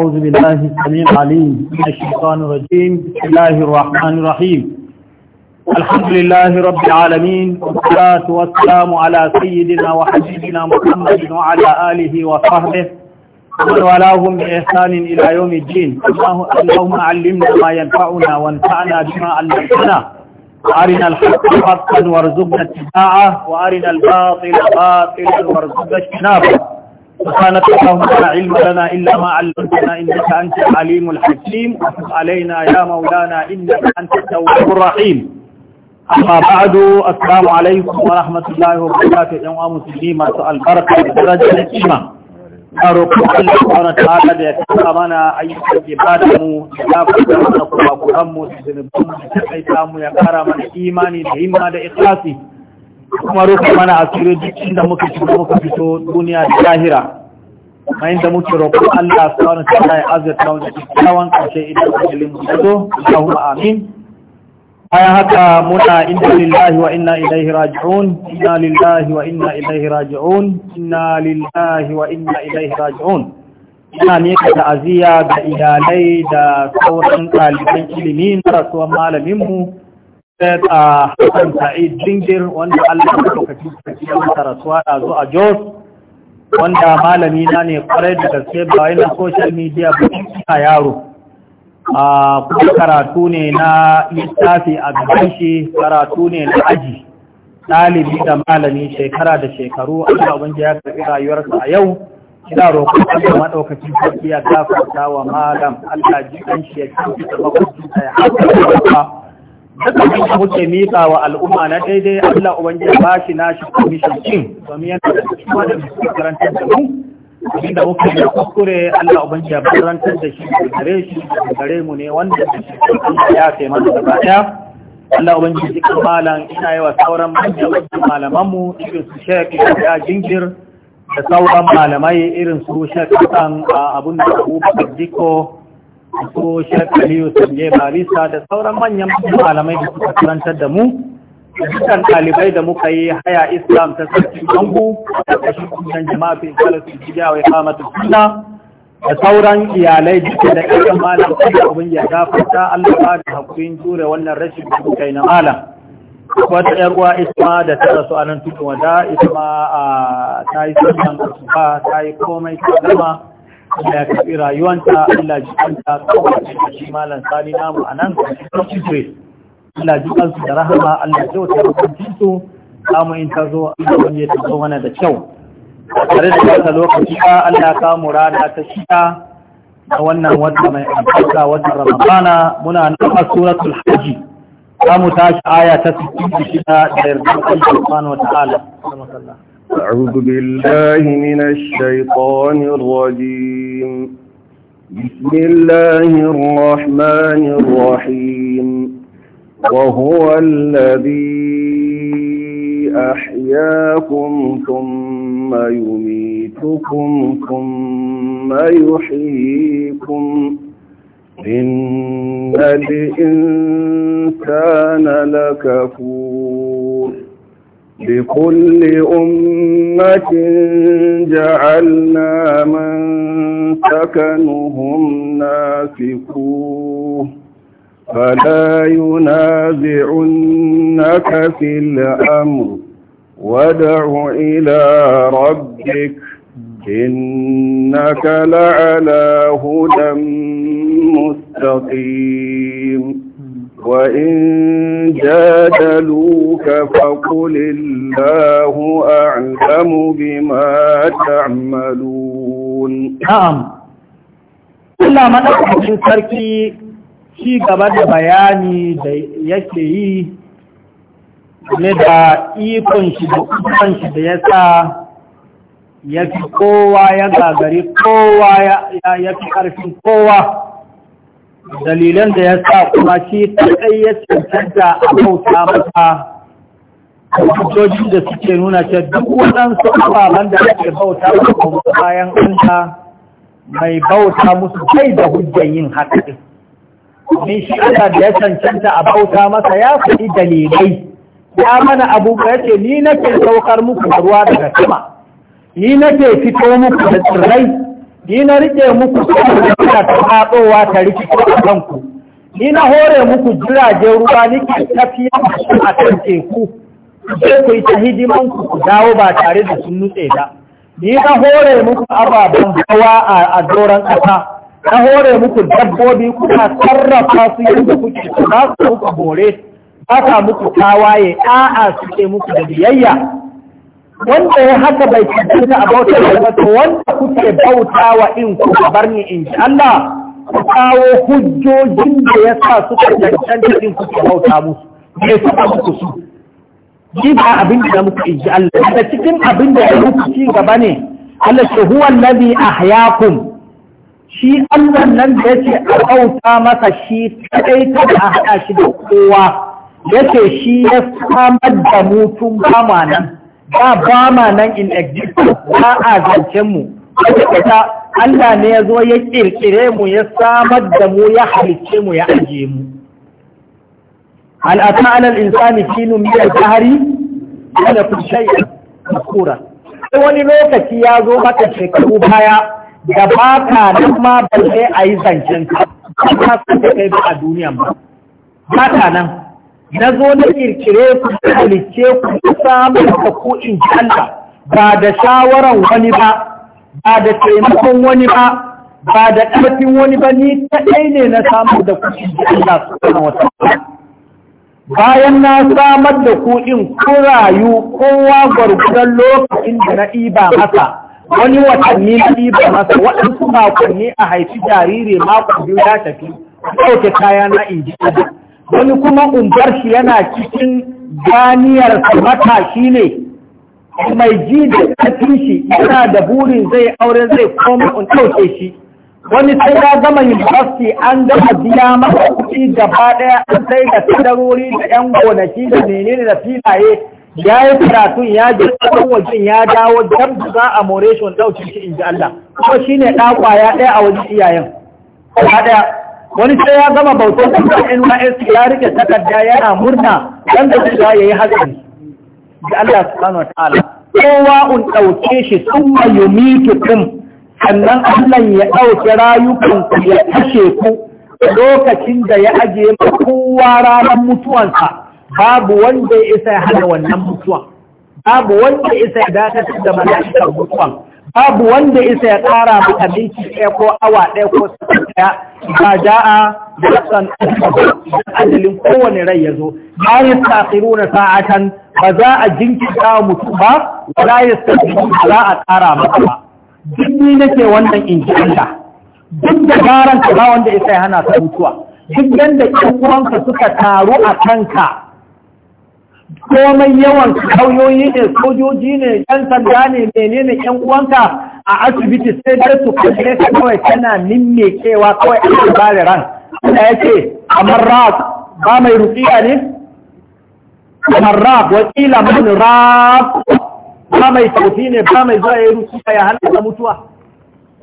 أعوذ بالله السميع العليم من الشيطان الرجيم بسم الله الرحمن الرحيم الحمد لله رب العالمين والصلاة والسلام على سيدنا وحبيبنا محمد وعلى آله وصحبه ومن والاهم بإحسان إلى يوم الدين اللهم علمنا ما ينفعنا وانفعنا بما علمتنا وأرنا الحق حقا وارزقنا اتباعه وأرنا الباطل باطلا وارزقنا اجتنابه سبحانك اللهم لا علم لنا إلا ما علمتنا إنك أنت العليم الحكيم وتب علينا يا مولانا إنك أنت التواب الرحيم أما بعد السلام عليكم ورحمة الله وبركاته يا مسلمين البركة درجة الإيمان أرقم الله سبحانه وتعالى ليتقامنا أيها الإبادة يتابعنا ونقوم بأمو سنبهم يتقيتام يقارم الإيمان بهم هذا إخلاصي kuma roƙa mana asiri duk inda muka shiga muka fito duniya da lahira ma inda muke roƙo Allah subhanahu wa ta'ala ya azurta mu da kyakkyawan kace idan ajalin mu zo Allahumma amin bayan haka muna inna lillahi wa inna ilaihi raji'un inna lillahi wa inna ilaihi raji'un inna lillahi wa inna ilaihi raji'un ina ne ka ta'aziyya ga iyalai da sauran ɗaliban ilimi na rasuwar malaminmu a uh, Hassan Sa'id wanda Allah ya lokaci rasuwa a zuwa wanda malami na ne kwarai da gaske ba yana social media ba a yaro a kuma karatu ne na littafi a gaban karatu ne na aji ɗalibi da malami shekara da shekaru Allah abin ya karɓi rayuwarsa a yau ina roƙon Allah maɗaukacin sarki ya gafarta wa malam Allah ji ɗan shi ya kyautata makwabcinsa ya haɗa duk abin da kuke miƙa wa al'umma na daidai Allah ubangiji ba shi na shi commission din domin yana da kuma da karantar da mu da muke da kuskure Allah ubangiji ya karantar da shi da gare shi da gare mu ne wanda da shi Allah ya kai mana gaba daya Allah ubangiji duk malan ina yawa sauran manyan malaman mu irin su Sheikh ya Jingir da sauran malamai irin su Sheikh a abun da Abubakar Diko su Aliyu sanje barista da sauran manyan malamai da suka karantar da mu dukkan ɗalibai da muka yi haya islam ta sarki bangu da kashin jama'a fi salafi jiya wa sunna da sauran iyalai duka da ƴan malam da abin ya gafarta Allah ba da hakurin jure wannan rashin da muka na malam wata 'yar uwa isma da ta rasu a nan tukin wada isma ta yi sannan ta yi komai ta zama. Allah ya karɓi rayuwanta Allah ji kanta kawai da shi malam sani namu a nan Allah ji kansu da rahama Allah ya wata da kwancinsu samu in ta zo Allah wani ya tazo mana da kyau tare da wata lokaci ka Allah ka mu ta shida na wannan wata mai albarka wata ramadana muna nan a suratul hajji za mu tashi aya ta 66 da yarda Allah subhanahu wa ta'ala أعوذ بالله من الشيطان الرجيم بسم الله الرحمن الرحيم وهو الذي أحياكم ثم يميتكم ثم يحييكم إن الإنسان لكفور لكل أمة جعلنا من سكنهم ناسكوه فلا ينازعنك في الأمر وادع إلى ربك إنك لعلى هدى مستقيم وإن جادلوك فقل الله أعلم بما تعملون نعم Allah maɗaukacin sarki ci gaba da bayani da yake yi ne da ikon shi da ikon shi da ya sa ya fi kowa ya gagari kowa ya fi ƙarfin kowa dalilan da ya sa kuma shi kaɗai ya cancanta a bauta mata hujjojin da suke nuna ce duk waɗansu ababen da ake bauta musu bayan ta mai bauta musu kai da hujjan yin haɗari. Min shi ana da ya cancanta a bauta masa ya faɗi dalilai ya mana abubuwa ya ce ni nake saukar muku da ruwa daga sama ni nake fito muku da tsirrai ni na rike muku suna ta haɗowa ta rikito a kanku ni hore muku jiragen ruwa nike tafiya a kan teku sai ku yi ta hidimanku ku dawo ba tare da sun nutse ba ni hore muku ababen hawa a doron ƙasa na hore muku dabbobi kuna sarrafa su yadda kuke su ba su muku bore ba muku tawaye a'a suke muku da biyayya wanda ya haka bai kaji a bautar da to wanda kuke bautawa in ku bar ni in ji Allah ku kawo hujjojin da ya sa suka cancanta in kuke bauta musu ya suka muku su Ji ba abin da muku in ji Allah da cikin abin da ya muku ci gaba ne Allah ce huwa allazi hayakun. shi Allah nan da yake a bauta masa shi kadai ta a haɗa shi da kowa yake shi ya samar da mutum ba nan ba ba ma nan in existence ba a zancen mu Allah ne ya zo ya kirkire mu ya samar da mu ya halicce mu ya ajiye mu hal alal insani hinun min al-bahri wala fi shay'in sai wani lokaci ya zo maka shekaru baya da ba ka nan ma balle a yi zancen ka ba ka kai ba a duniyan ba ba ka nan na zo na kirkire ku da halicce ku da samun da ku in ji Allah ba da shawaran wani ba ba da taimakon wani ba ba da ƙarfin wani ba ni ta ne na samun da ku in ji Allah su kan wata bayan na samar da ku in ku rayu kowa gwargwadon lokacin da na iba masa wani watanni na ɗiba masa waɗansu makonni a haifi jariri makon biyu ya tafi ɗauke kaya na inji wani kuma umbar shi yana cikin ganiyar shi ne mai ji da ƙarfin shi yana da burin zai aure zai koma in ɗauke shi wani sai ya gama university an gama biya masa kuɗi gaba ɗaya an sai da tarori da yan gonaki da menene da filaye ya yi karatun ya je ƙasar wajen ya dawo don da za a more shi ɗauke shi in ji Allah kuma shine ɗa ɗaya a wajen iyayen ɗaya wani sai ya gama bautar kusa nys ya rike takarda yana murna don da shiga ya yi hatsari da allah subhanahu wa ta'ala kowa un ɗauke shi sun mayu mitukum sannan allah ya ɗauke rayukanku ya kashe ku lokacin da ya ajiye kowa ranar mutuwansa babu wanda ya isa ya wannan mutuwan babu wanda ya isa ya dakatar da mala'ikar mutuwan babu wanda isa ya ƙara mu abinci ɗaya ko awa ɗaya ko sakan ɗaya ba ja'a da san ajalin kowane rai ya zo ba ya tsakiru na sa'atan ba za a jinkirta mutum ba za ya tsakiru ba za a ƙara mata ba duk ni nake wannan in ji Allah duk da garan ba wanda isa ya hana ta mutuwa duk yadda ƴan uwanka suka taru a kanka komai yawan kauyoyi ne sojoji ne yan sanda ne menene yan uwanka a asibiti sai dai su kalle ka kawai tana mimmekewa kawai a ba da ran da yake kamar rab ba mai ruqiya ne kamar rab wakila man rab ba mai tauti ne ba mai zuwa yi ruqiya ya hana mutuwa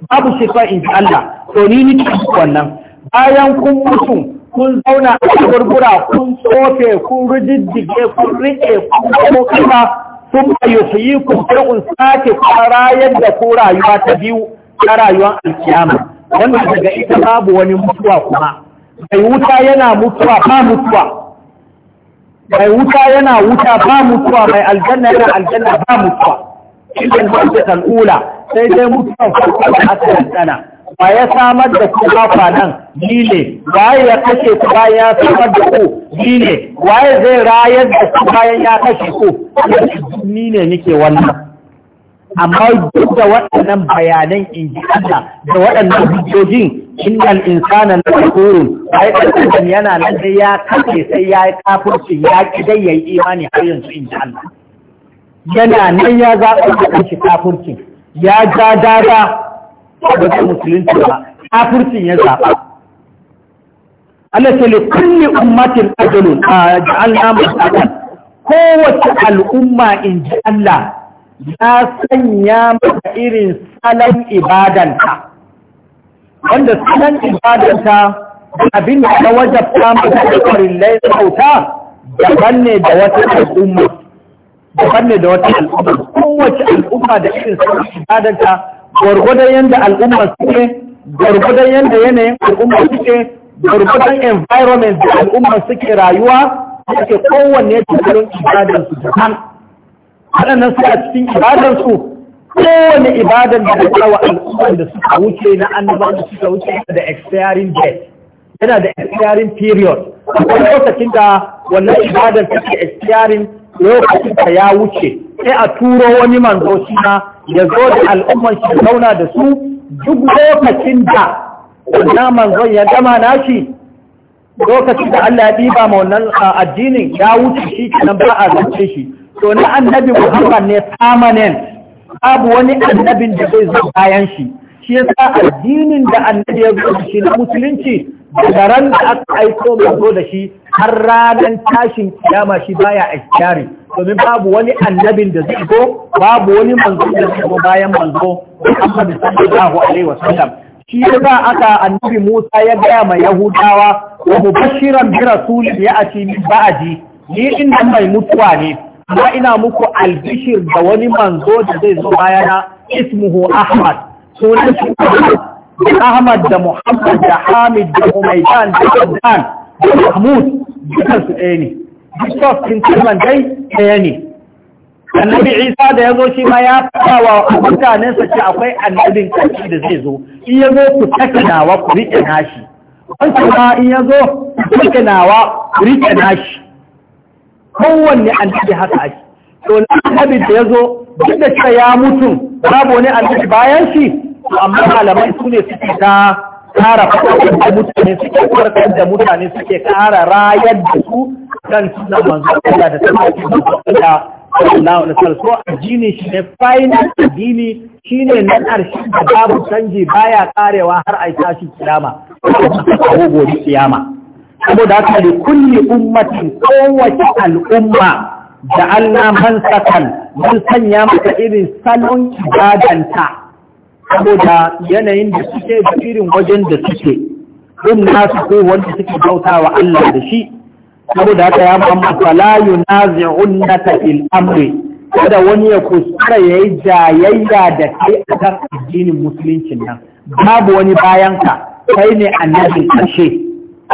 babu shi in ji Allah to ni nake wannan bayan kun mutu kun zauna a gurgura kun tsofe kun rijiddige kun riƙe kun zama kuma sun yi kun fir'un sake kara yadda da ku rayuwa ta biyu ta rayuwar alkiyama wanda daga ita babu wani mutuwa kuma mai wuta yana mutuwa ba mutuwa mai wuta yana wuta ba mutuwa mai aljanna yana aljanna ba mutuwa ilmin hajjatar ula sai dai mutuwa farko da aka tsana ba ya samar da ku kafa nan ni ne waye ya kashe ku bayan ya samar da ku ni ne waye zai rayar da ku bayan ya kashe ku ni ne nake wannan amma duk da waɗannan bayanan in ji Allah da waɗannan hujjojin innal insana la yakun ai dan yana nan ya kashe sai ya yi kafirci ya ki dai yayi imani har yanzu in ji Allah yana nan ya zaɓa da kashe kafirci ya ja dada ba musulunci ba kafircin ya zaɓa Allah ce le kulli ummatin ajalun a ja'alna musulman kowace al'umma in ji Allah ya sanya mata irin salon ibadanta wanda salon ibadanta abin da na wajabta mata da farillai sauta daban ne da wata al'umma daban ne da wata al'umma kowace al'umma da irin salon ibadanta gwargwadon yadda al'umma suke gwargwadon yadda yanayin al'umma suke gwargwadon environment da al'umma suke rayuwa suke kowanne tattalin ibadansu daban waɗannan a cikin ibadansu kowane ibadan da ta wa al'umman da suka wuce na an da suka wuce da expiring date yana da expiring period a lokacin da wannan ibadan take expiring lokacin ta ya wuce sai a turo wani manzo shi na ya zo da al'ummar shi zauna da su duk lokacin da na manzon ya gama nashi lokacin da Allah ya ɗiba ma wannan addinin ya wuce shi kenan ba a zance shi to na annabi Muhammad ne permanent babu wani annabin da zai zo bayan shi shi yasa addinin da annabi ya zo shi na musulunci Da ran da aka aiko mazo da shi har ranar tashin kiyama shi baya ikhtiyari domin babu wani annabin da zai zo babu wani manzo da zai zo bayan manzo Muhammad sallallahu alaihi wasallam shi yasa aka annabi Musa ya gaya ma Yahudawa wa mubashiran bi ya ya'ati min ba'di ni inda mai mutuwa ne amma ina muku albishir da wani manzo da zai zo bayana ismuhu Ahmad sunan shi Ahmad da Muhammad da Hamid da Umaidan da Adnan da Mahmud dukkan su ɗaya ne Yusuf bin Tilman dai ɗaya ne Annabi Isa da ya zo shi ma ya faɗa wa mutanensa ce akwai annabin ƙarshe da zai zo in ya zo ku takanawa ku riƙe nashi wancan ma in ya zo ku takanawa ku riƙe nashi kowanne annabi haka ake to annabi da ya zo duk da cewa ya mutu babu wani annabi bayan shi amma malamai su ne suke ta kara fasahar da mutane suke farkar da mutane suke kara rayar da su kan suna manzo Allah da tabbacin manzo Allah sallallahu alaihi wasallam so addini shi ne final addini shine na ƙarshe da babu canji baya karewa har a tashi kiyama ko gobe kiyama saboda haka li kulli ummatin kowace al'umma da Allah man sakan mun sanya masa irin salon ibadanta saboda yanayin da suke da irin wajen da suke ɗin nasu ko wanda suke bauta wa Allah da shi saboda haka ya Muhammad fala yunazi'unnaka Il, amri kada wani ya kuskura yayi jayayya da kai a kan addinin musuluncin nan babu wani bayan ka kai ne annabi ƙarshe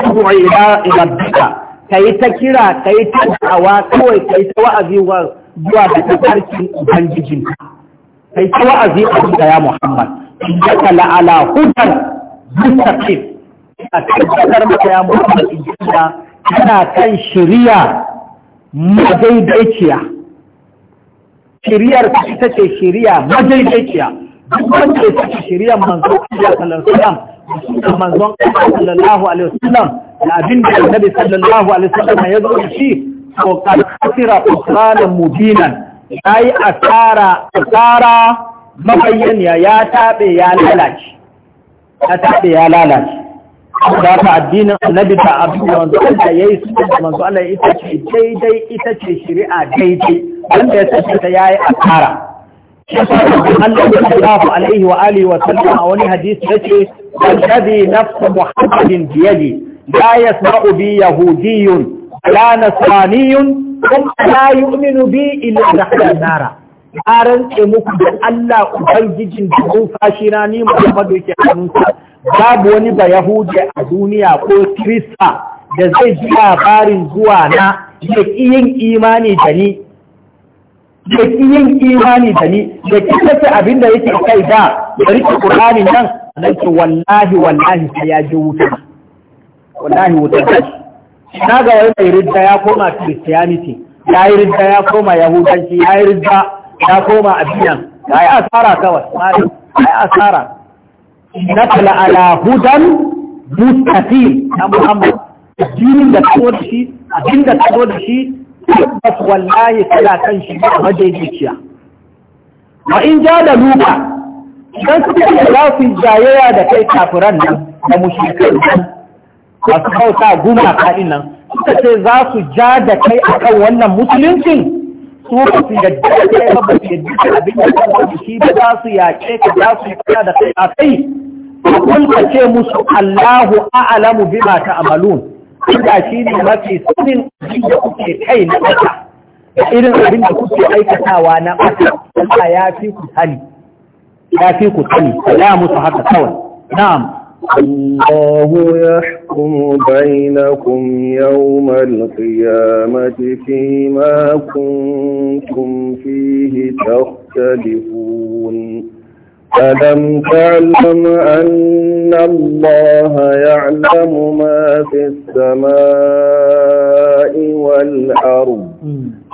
ku ila ila ka yi ta kira kai ta da'awa kawai kai ta wa'azi zuwa ga ubangijinka kai ta wa'azi a duka ya Muhammad in daga la'ala hudar mustaqim a tabbatar maka ya Muhammad in jina kana kan shiriya madaidaiciya shiriyar ita ce shiriya madaidaiciya duk wanda ya saki shiriyar manzon Allah sallallahu alaihi wasallam da manzon Allah sallallahu alaihi wasallam da abin da Annabi sallallahu alaihi wasallam ya zo shi ko kafira usranan mubinan ya yi asara asara mabayyaniya ya taɓe ya lalace ya taɓe ya lalace da ta addinin annabi ta abin da manzo Allah ya yi su da manzo Allah ita ce daidai ita ce shari'a daidai wanda ya sace ta yi asara Allah sallallahu alaihi wa alihi wa sallam a wani hadisi yace alladhi nafsu muhammadin biyadi la yasma'u bi yahudiyyun la nasraniyyun dan la yu'minu bi illa dakhala nara ya rantse muku da Allah ubangijin da kun fashi na ni Muhammadu yake hannunsa babu wani ba Yahudi a duniya ko Kirista da zai ji labarin zuwa na ya yin imani da ni da yin imani da ni da abin da yake kai da bari ki Qur'anin nan nan ce wallahi wallahi sai ya ji wuta wallahi wuta na ga wani mai ridda ya koma christianity ya yi ridda ya koma yahudanci ya yi ridda ya koma abiyan ya yi asara kawai ya yi asara Na ala hudan mustafi na muhammad addinin da kawo da shi abin da kawo da shi tabbas wallahi kana kan shi a madaidaiciya Ma in ja da luka idan suka za su jayayya da kai kafiran nan da mushrikan nan masu bauta gumaka din nan suka ce za su ja da kai a kan wannan musuluncin su ba su yadda da kai ba su yadda da abin da ka shi ba za su yaƙe ka za su yi da kai a kai ka ce musu Allahu a'lamu bima ta'malun inda shi ne mafi sanin abin da kuke kai na ƙasa irin abin da kuke aikatawa na ƙasa Allah ya fi ku sani ya fi ku sani ya musu haka kawai na'am الله يحكم بينكم يوم القيامة فيما كنتم فيه تختلفون ألم تعلم أن الله يعلم ما في السماء والأرض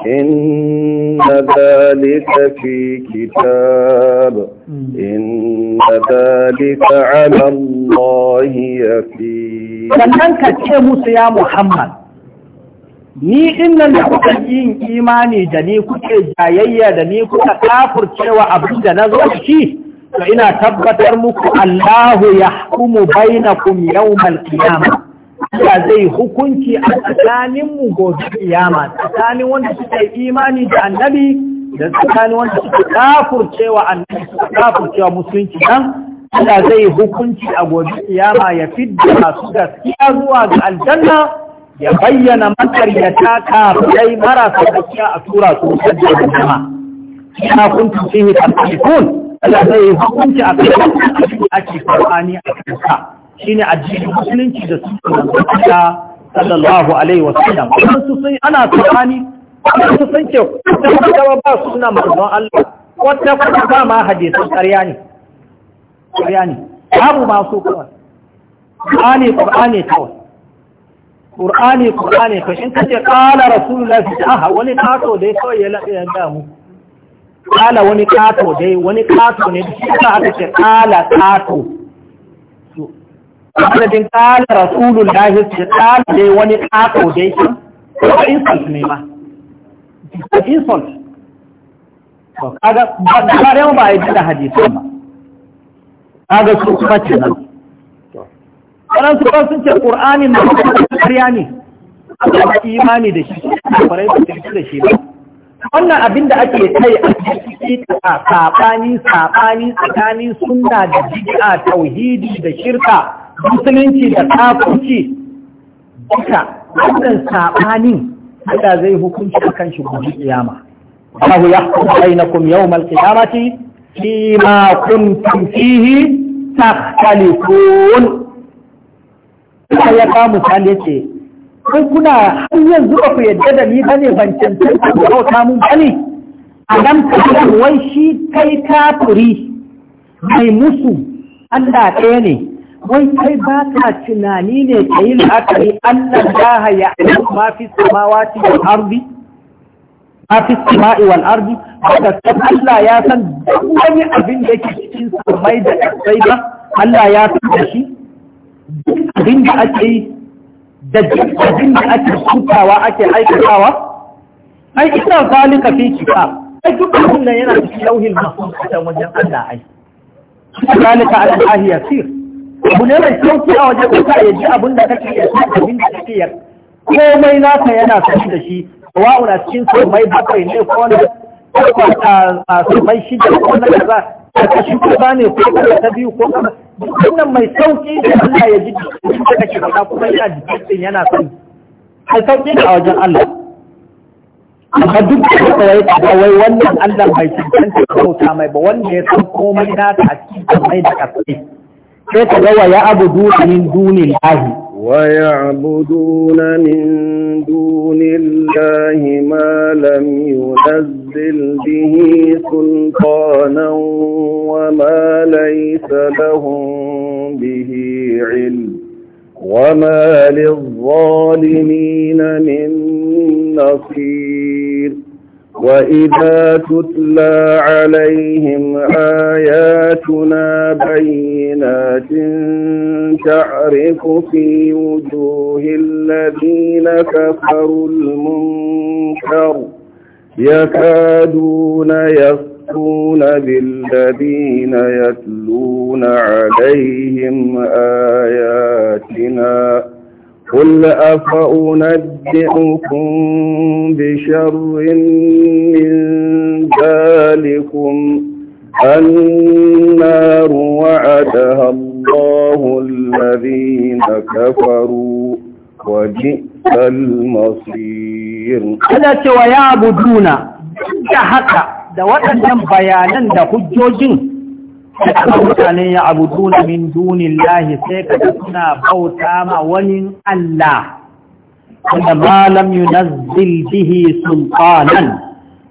إن ذلك في كتاب إن ذلك على الله يفيد sannan ka ce musu ya Muhammad ni innan da kuka yin imani da ni kuke jayayya da ni kuka kafurcewa abin da na zo shi to ina tabbatar muku Allahu ya hukumu bainakum yawmal qiyama Allah zai hukunci a tsakanin mu gobe kiyama tsakanin wanda suka imani da annabi da tsakanin wanda suka kafurcewa annabi suka kafurcewa musulunci dan Allah zai hukunci a gobe kiyama ya fidda masu gaskiya zuwa ga aljanna ya bayyana makaryata kafirai marasa gaskiya a tura su wajen jama'a ina kuntum fihi tasbihun Allah zai hukunci a kan ake Qur'ani a Shi ne addinin musulunci da sunan Allah sallallahu alaihi wasallam kuma su sai ana Qur'ani kuma su san ce kuma ba su sunan manzon Allah wata kuma ba ma hadisan ƙarya ne ƙarya ne babu ma su kawai Qur'ani Qur'ani kawai Ƙur'ani Qur'ani to in ka ce kace qala rasulullahi ta'ala wani tato da ya kawai ya labe ya damu kala wani kato dai wani kato ne shi ka aka ce kala kato adadin kala rasulun lahi ce kala dai wani kato dai shi ko insult ne ma insult to kaga ba da ba a yi jina hadisan ba kaga su kuma ce nan wannan su sun ce qur'ani na kariya ne Allah imani da shi ba farai da shi ba wannan abin da ake kai a ciki, a saɓani saɓani tsakanin suna da bid'a tauhidi da shirka musulunci da kafirci duka wannan saɓanin Allah zai hukunci akan shi gobe kiyama yau, ya hukunta bainakum yawmal qiyamati fi ma kuntum fihi takhtalifun Allah ya kawo misali yace kai kuna har yanzu ba ku yadda da ni bane ban cancanta ku bauta mun bane a nan kafin wai shi kai kafuri mai musu Allah ɗaya ne wai kai ba ka tunani ne ka yi la'akari Allah ya ya ma fi samawati da ardi ma fi sama'i wal ardi da san Allah ya san wani abin da yake cikin samai da ƙasai ba Allah ya san da shi duk abin da ake yi da abin da ake sukawa ake aikatawa ai ina ka fi kika, ai duk nan yana cikin lauhin masu a wajen Allah ai zalika ala Allah yasir abu ne mai sauki a wajen kusa ya ji abin da kake ya san abin da kake ya komai naka yana sani da shi wa'una cikin sumai bakwai ne ko wani a shida ko na kaza ka shugaba ne ko kuma ta biyu ko kuma wannan mai sauki da Allah ya ji jikin da kake faɗa kuma yana jikin yana sani ai sauki ne wajen Allah amma duk da ka wai wannan Allah bai cancanta kauta mai ba wanda ya san komai da ta a cikin mai da kasai sai ka ga wa ya abu min dunin ويعبدون من دون الله ما لم ينزل به سلطانا وما ليس لهم به علم وما للظالمين من نصير وَإِذَا تُتْلَى عَلَيْهِمْ آيَاتُنَا بَيِّنَاتٍ تَعْرِفُ فِي وُجُوهِ الَّذِينَ كَفَرُوا الْمُنكَرَ يَكَادُونَ يفتون بِالَّذِينَ يَتْلُونَ عَلَيْهِمْ آيَاتِنَا قل أفأنبئكم بشر من ذلكم النار وعدها الله الذين كفروا وجئت المصير ألا ويعبدون da haka da waɗannan bayanan da hujjojin Yadda mutane ya abu na min dunin lahi sai ka suna bauta ma wani Allah, wanda malam yunazzil bihi sultanan,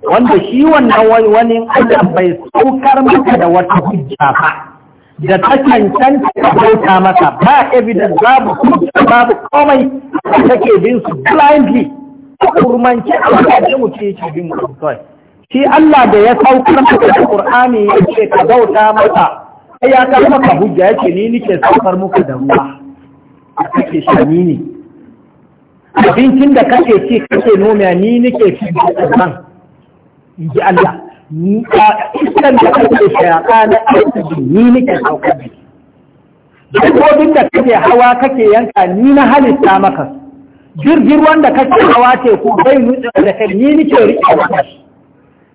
wanda shi wannan wani Allah bai saukar maka da wata hujja ba, da ta cancanta ka bauta masa ba evidence babu hujja babu komai take bin su blindly, kurmanci a wajen mutum yake bin mutum kawai. shi Allah da ya saukar maka da Qur'ani ya ce ka bauta masa sai ya kar maka hujja yake ni nike saukar muku da ruwa kake shani ne abincin da kake ci kake noma ni nike fi da ran in ji Allah ni a iskan da kake shayaka na aiki ni nike saukar da dabbobin da kake hawa kake yanka ni na halitta maka jirgin ruwan da kake hawa teku bai nutsa da kai ni nike riƙe wa shi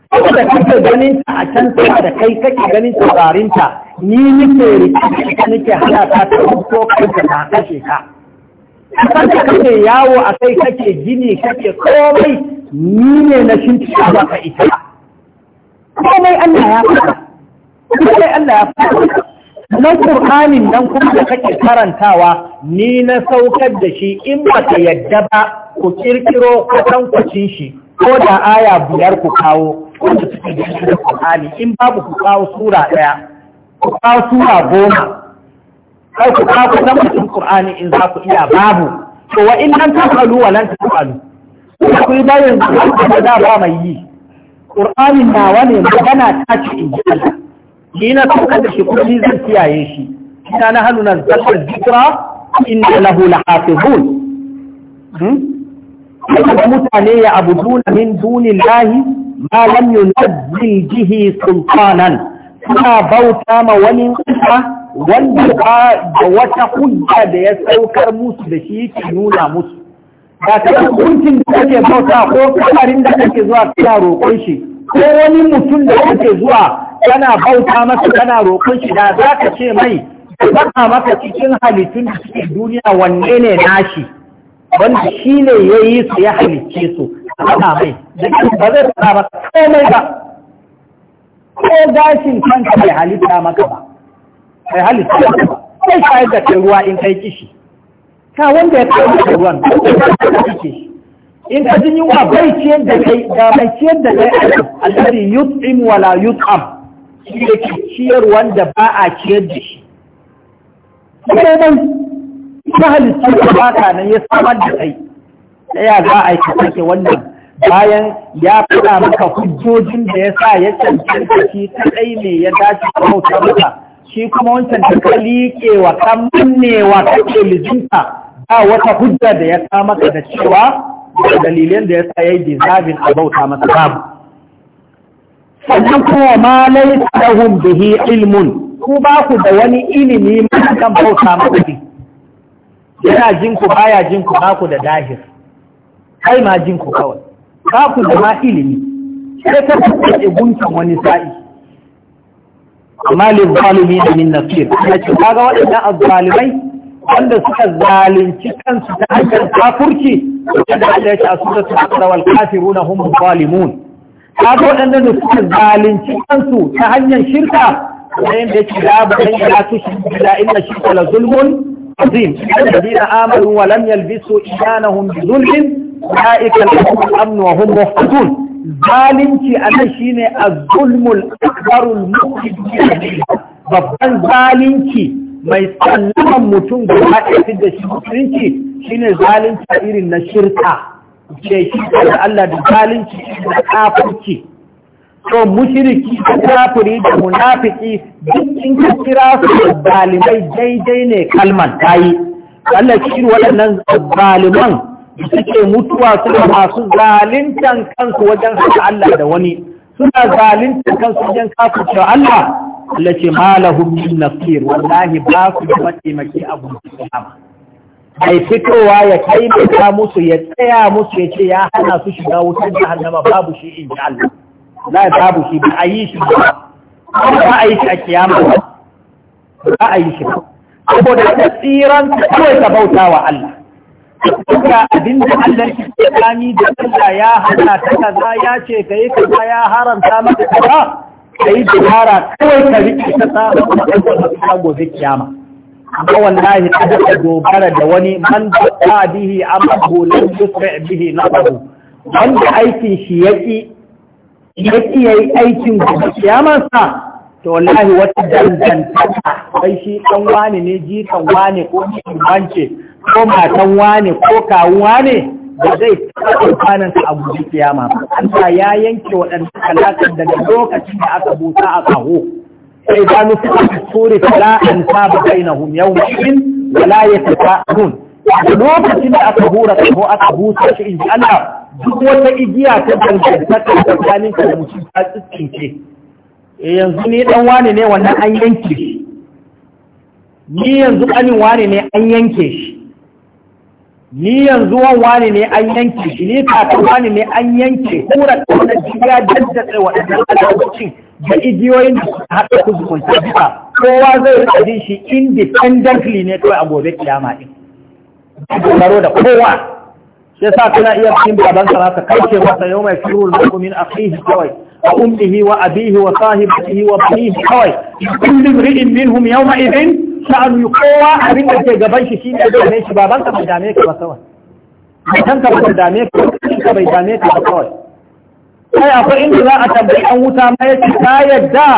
kuma da kake ganin ta a can ta da kai kake ganin tabarin ta ni nake rikici ta nake hana ta ko kanta ta kashe ka kan ka kake yawo a kai kake gini kake komai ni ne na shimfiɗa ba ka ita komai Allah ya faɗa komai Allah ya faɗa nan Qur'anin nan kuma da kake karantawa ni na saukar da shi in ba ka yadda ba ku kirkiro kwatankwacin shi ko da aya biyar ku kawo wanda suke gani da Qur'ani in babu ku kawo sura ɗaya, ku kawo sura goma kai ku kawo kusan mutum Qur'ani in za ku iya babu to wa in taɓa tafalu wa lan tafalu kuma ku yi bayan da da ba mai yi Qur'ani nawa ne magana ta ce in ji Allah ni na sauka da shi kuma ni zan kiyaye shi ina na hannu na zallar zikra inna lahu lahafizun hmm? mutane ya abu abuduna min lahi. ma lam yunzil bihi sultanan suna bauta ma wani kuma wanda ba da wata hujja da ya saukar musu da shi yake nuna musu ba ta hukuncin da kake bauta ko karin da kake zuwa kana roƙon shi ko wani mutum da kake zuwa kana bauta masa kana roƙon shi da za ka ce mai ba ka maka cikin halittun da suke duniya wanne ne nashi wanda shi ne ya yi su ya halicce su ana mai jikin ba zai fara ba komai ba ko gashin kanka bai halitta maka ba bai halitta maka ba sai shayar da kai ruwa in kai kishi ka wanda ya kawo maka ruwan ka kike in ka jin yunwa bai ciyar da kai da bai ciyar da kai alladhi yut'im wala la yut'am shi yake ciyar wanda ba a ciyar da shi komai ka halitta ba ka nan ya samar da kai ɗaya za a yi sake wannan bayan ya faɗa maka hujjojin da ya sa ya cancanta shi ɗai ne ya dace bauta maka shi kuma wancan da ka wa ka mannewa ke lizinta ba wata hujja da ya sa maka da cewa da dalilin da ya sa ya yi dizabin a bauta maka. babu sannan kuma ma laisa lahum bihi ilmun ku ba ku da wani ilimi kan bauta masa yana jinku baya jinku ba ku da dahir ai ma jin ku kawai ka ku da ma ilimi sai ka kuɗe gunkin wani sa'i amma li zalimi da min nasir ya ce ka ga wadanda azzalimai wanda suka zalunci kansu ta hanyar kafurci da Allah ya ce a suratul Al-Baqara wal kafirun hum zalimun ka ga wadanda suka zalunci kansu ta hanyar shirka da da ba وين بيتجاب وين لا تشرك إلا إن الشرك لظلم عظيم الذين آمنوا ولم يلبسوا إيمانهم بظلم ulaika lahum wa hum muhtadun zalunci anan shine az-zulmul akbarul muqid babban zalunci mai tsallaman mutum da ya fi da shi mutunci shine zalunci irin na shirka ce shi da Allah da zalunci da kafirci to mushiriki da kafiri da munafiki duk in ka kira su da zalimai daidai ne kalman tayi Allah shi waɗannan zaliman suke mutuwa suna masu zalintan kansu wajen haka Allah da wani suna zalintan kansu wajen kafin cewa Allah Allah ce malahum min nasir wallahi ba su da mataimaki a kiyama ai fitowa ya taimaka musu ya tsaya musu ya ce ya hana su shiga wutar jahannama babu shi in ji Allah la babu shi ba a yi shi ba ba a yi shi a kiyama ba ba a yi shi ba saboda ta tsiran kawai ta bauta wa Allah da abinda Allah ke tsakani da Allah ya hana ta kaza ya ce ka yi kaza ya haramta maka kaza ka yi dubara kawai ka riƙe ta samun da gobe kiyama amma wallahi ta ka dogara da wani man da bihi amahu lam yusri bihi na nasabu wanda aikin shi ya ƙi ya yi aikin gobe kiyama sa to wallahi wata dangantaka sai shi ɗan wani ne jikan wani ko jikan wance ko matan wane ko kawuwa ne da zai taɓa amfanin ka a guji kiyama ba Allah ya yanke waɗannan kalakan daga lokacin da aka busa a kaho sai ba nufi a tsore fala an saba bainahum yawma idin wala yatafa'un a lokacin da aka hura ko aka busa shi in ji Allah duk wata igiya ta dangantaka tsakanin ka da mutum ta tsinke eh, yanzu ni dan wane ne wannan an yanke shi ni yanzu kanin wane ne an yanke shi ni yanzu wani ne an yanke shi ni kakan wani ne an yanke kura da jiya daddatsa waɗannan alawacin da igiyoyin da suka haɗa ku zukunta duka kowa zai rajin shi independently ne kawai a gobe kiyama ɗin dogaro da kowa ya sa kana iya cikin baban sa ka kace masa yau mai da firul mu'min akhihi kawai wa ummihi wa abihi wa sahibatihi wa banihi kawai kullu imri'in minhum yawma idhin sha'anu kowa abin da ke gaban shi shine da shi baban ka bai dame ka ba kawai matan ka bai dame ka ka bai dame ka ba kawai kai akwai inda za a tambayi an wuta ma yace ta yadda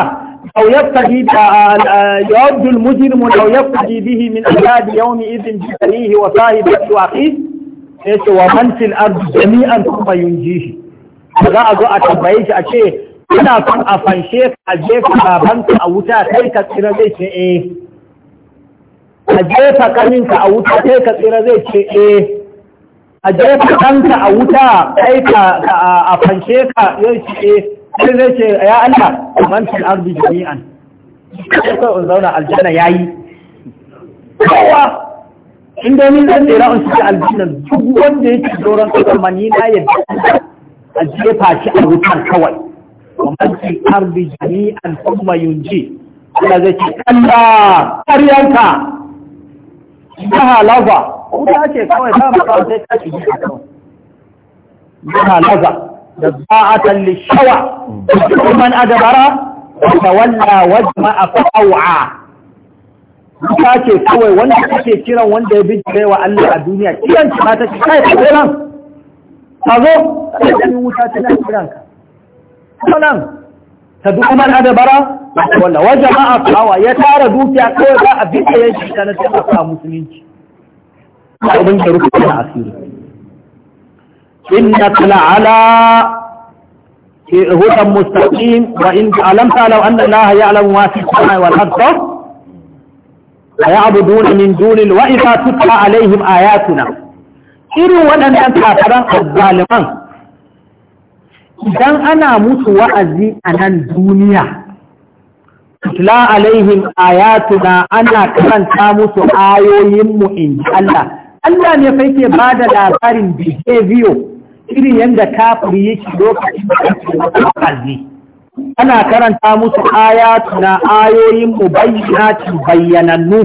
أو يبتغي يعد المجرم لو يبتغي به من عذاب يومئذ ببنيه وصاحبته وأخيه yace wa man fil jami'an kuma yunjihi za a zo a tambaye shi a ce kana son a fanshe ka a jefa babanka a wuta kai ka tsira zai eh, a jefa kaninka a wuta sai ka tsira zai ce eh a jefa kanka a wuta kai ka a fanshe ka zai ce eh sai zai ce ya Allah man fil ardi jami'an sai in zauna aljanna yayi kowa in dai ni zan tsira in shiga aljanna duk wanda yake doron kasar mani na yadda a jefa shi a wutar kawai wa man fil ardi jami'an kuma yunji Allah zai ce Allah ƙaryanka jiha laza wuta ce kawai ta sai ta ci da za'atan lishawa man adabara da wajma a wuta ce kawai wanda kake kiran wanda ya bijire wa Allah a duniya kiran ki ta ce kai ka kiran ka zo ka wuta tana kiran ka kuma nan ta duk man adabara wanda wa a kawa ya tara dukiya kawai za a bisa ya shi ta na musulunci a abin da rufe na asiri inna kala ala eh, hudan mustaqim wa in alamta law anna allaha ya'lamu ma fi samai wal ardh ويعبدون من دون وإذا تتلى عليهم آياتنا إروا ودن أنت أفران الظالمان idan ana mutu wa'azi a nan duniya tutla alaihim ayatuna ana karanta musu ayoyinmu in ji Allah Allah ne fa ke ba da labarin behavior irin yadda yi yake lokacin da ake wa'azi ana karanta musu ayatuna ayoyinmu bayyanati bayyanannu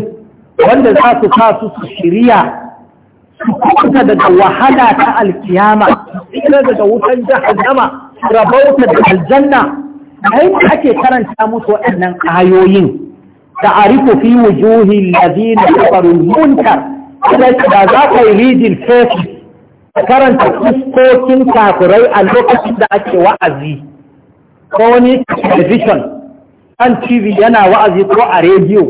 wanda za su sa su su shirya su daga wahala ta alkiyama su daga wutan jihar jahannama rabauta da aljanna ai da ake karanta musu waɗannan ayoyin da arifu fi wujuhi alladhina kafaru munkar da za ka yi reading face karanta fuskokin kafirai a lokacin da ake wa'azi ko wani television kan tv yana wa'azi ko a rediyo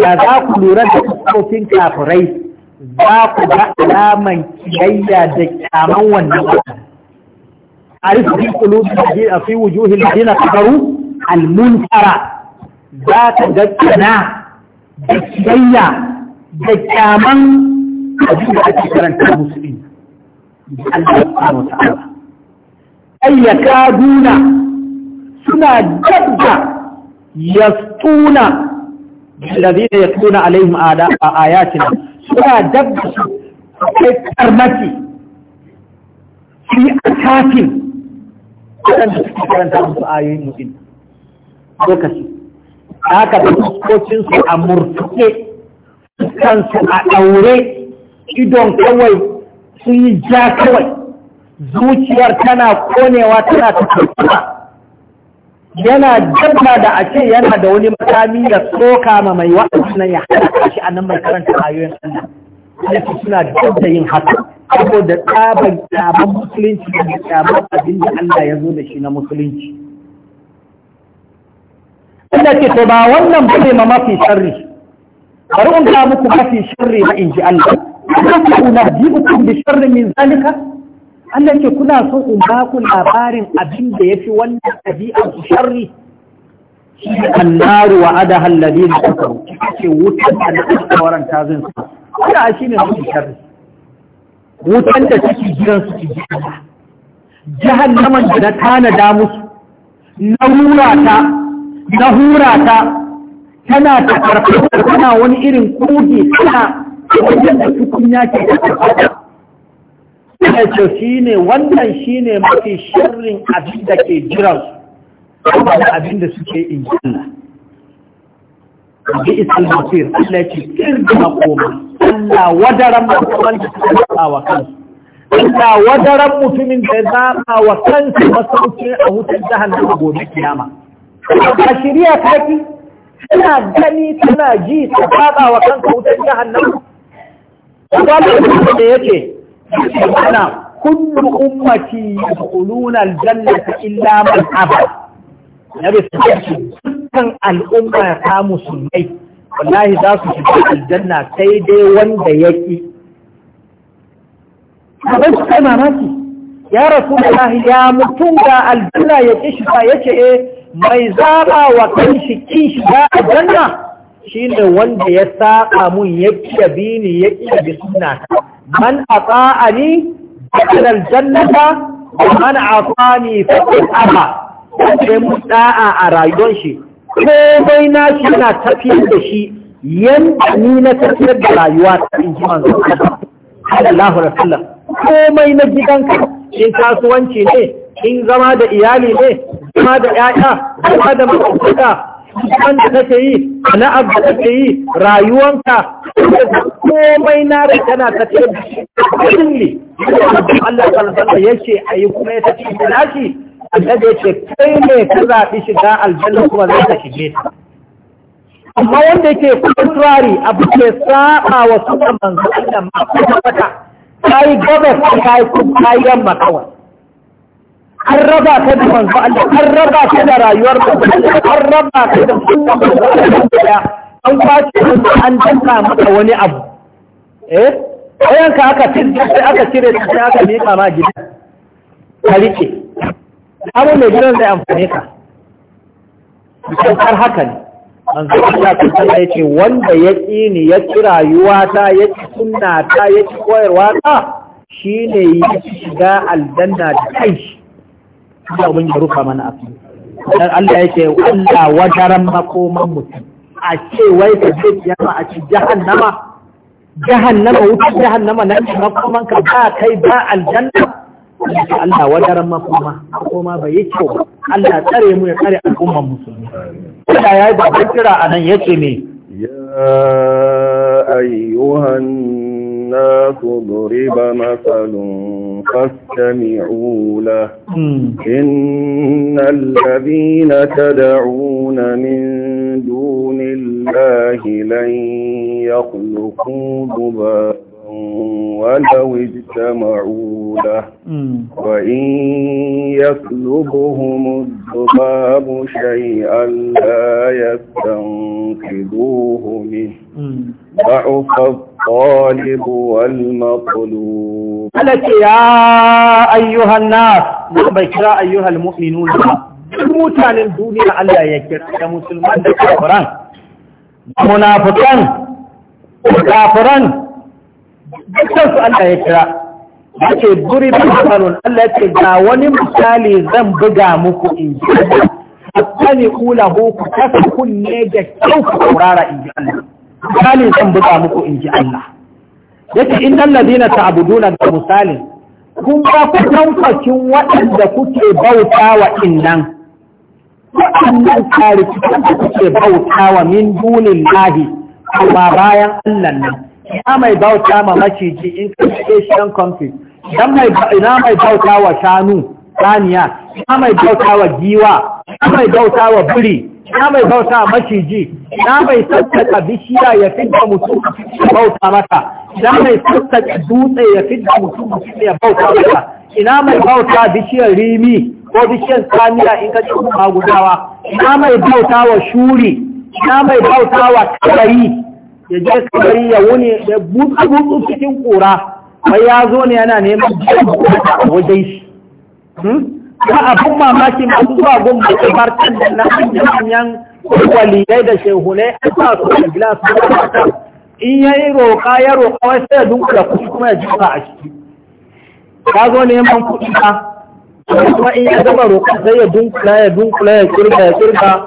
da za ku lura da fuskokin kafirai za ku ga alaman kiyayya da kyaman wannan wa'azi أعرف في قلوب الذين في وجوه الذين كفروا المنكر ذات جدنا بكيا بكاما أجيب أكثر أنت المسلمين الله سبحانه وتعالى أن يكادون سنا جدا يسطون الذين يتلون عليهم آياتنا سنا جدا في ترمتي في أتاكم waɗanda suke karanta musu ayoyin mutum lokaci haka da su a murtuke kansu a ɗaure idon kawai sun yi ja kawai zuciyar tana konewa tana tattattuna yana dabba da a ce yana da wani makami ya tsoka ma mai wa'azi nan ya haɗa shi a nan mai karanta ayoyin Allah halittu suna duk da yin haka saboda tsabar tsaban musulunci da tsabar abin da Allah ya zo da shi na musulunci Allah ce to ba wannan ba ne ma mafi sharri bari in ga muku mafi sharri ba inji ji Allah ku na ji uku da sharri min zalika Allah ce kuna so in ba ku labarin abin da yafi wannan ɗabi'ar ku sharri annaru wa adaha alladhina kafaru ake wutar da aka waranta zan su Allah shi ne mafi sharri wutan da take jiran su ji jihar naman da na tanada musu na hura ta na hura ta tana ta karfafa tana wani irin kogi tana wajen da tukunya ke da karfafa ce shi ne wannan shi ne mafi sharrin abin da ke jiran su abin da suke in bi isal masir Allah ce kirga makoma Allah wadaran makoman da suka zaɓa wa kansu Allah wadaran mutumin da za zaɓa wa kansu masaukin a hutun jahannama gobe kiyama a shirya kaki tana gani tana ji ta faɗa wa kanka wutar jahannama wanda da yake ana kullu ummati yadkhuluna aljannata illa man aba nabi sallallahu dukkan al'umma ta musulmai wallahi za su shiga aljanna sai dai wanda ya ƙi abin su kai mamaki ya rasu wallahi ya mutum ga aljanna ya ƙi shiga ya ce eh, mai zaɓa wa kan shi ƙi shiga aljanna shi ne wanda ya saƙa mun ya ƙi bi ni ya ƙi bi suna man a tsa'ani da aljannata wa man a tsani fa'in aba sai mun ɗa'a a rayuwar shi komai na shi yana tafiyar da shi yadda ni na tafiyar da rayuwa ta in ji manzo Allah Rasulullah wasallam komai na gidanka in kasuwanci ne in zama da iyali ne zama da 'ya'ya, zama da makwabta kan da kake yi na abu da kake yi rayuwanka komai na da tana tafiyar da shi ne Allah ya alaihi wasallam yace ayi kuma ya tafi da shi annabi ya ce kai ne ka zaɓi shiga aljanna kuma zai ka shige ta amma wanda yake contrary abu ke saba wa sunan manzo Allah ma ta wata kai gabas kai kai yamma kawai an raba ka da manzo Allah an raba ka da rayuwar ka an raba ka da sunan manzo Allah an kwace an danka maka wani abu eh ayanka aka sai aka cire sai aka mika ma gidan ka rike abu mai gidan zai amfani ka bikin har haka ne an zai Allah ta ya ce wanda ya ƙi ni ya ƙi rayuwa ta ya ƙi suna ta ya ƙi koyarwa ta shi ne ya ƙi shiga aljanna da kai shi Allah ubin ya rufa mana abu dan Allah ya ce Allah wajaran makoman mutum a ce wai ka ce ma a ci jahannama jahannama wutar jahannama nan makoman ka ba kai ba aljanna Allah Allah bai yi kyau ba Allah tsare mu ya tsare al'umman musulmi Allah ya yi babban kira a nan yake me ya ayyuhan الناس ضرب مثل فاستمعوا له إن الذين تدعون من دون الله لن يخلقوا ذبابا ولو اجتمعوا له وإن يطلبهم الذباب شيئا لا يستنقذوه منه ضعف الطالب والمطلوب قالت يا أيها الناس بكرا أيها المؤمنون الموتان الدنيا ألا يكرا يا مسلمان كافران منافقا كافرا dukkan su Allah ya kira ya ce duri Allah ya ce ga wani misali zan buga muku in ji Asani kula ku kasa kunne ga kyau ku saurara in ji Allah. Misali zan buga muku in ji Allah. Yake ta ladina ta'buduna ga misalin kun ba ku tankwacin waɗanda kuke bauta wa innan. Waɗannan kare kuke bauta wa min dunin lahi, ba bayan Allah nan. ina mai bauta ma maciji in creation kwamfi ina mai bauta wa shanu saniya ina mai bauta wa giwa ina mai bauta wa buri ina mai bauta wa maciji ina mai sassaka bishiya ya da mutum ya bauta maka ina mai sassaka dutse ya da mutum ya bauta maka ina mai bauta bishiyar rimi ko bishiyar saniya in ka cikin magudawa ina mai bauta wa shuri ina mai bauta wa kabari ya je kamar ya wuni da bututu cikin kura wai ya zo ne yana neman wajen shi ta hmm? abin mamaki masu zuwa gun makabartan da na hanyar waliyai da shehunai a sa su da gila su da in ya yi roƙa ya roƙa wai sai ya dunkula kuɗi kuma ya jika a ciki ya zo neman kuɗi ba kuma in ya gaba roƙa sai ya dunkula ya dunkula ya kirga ya kirga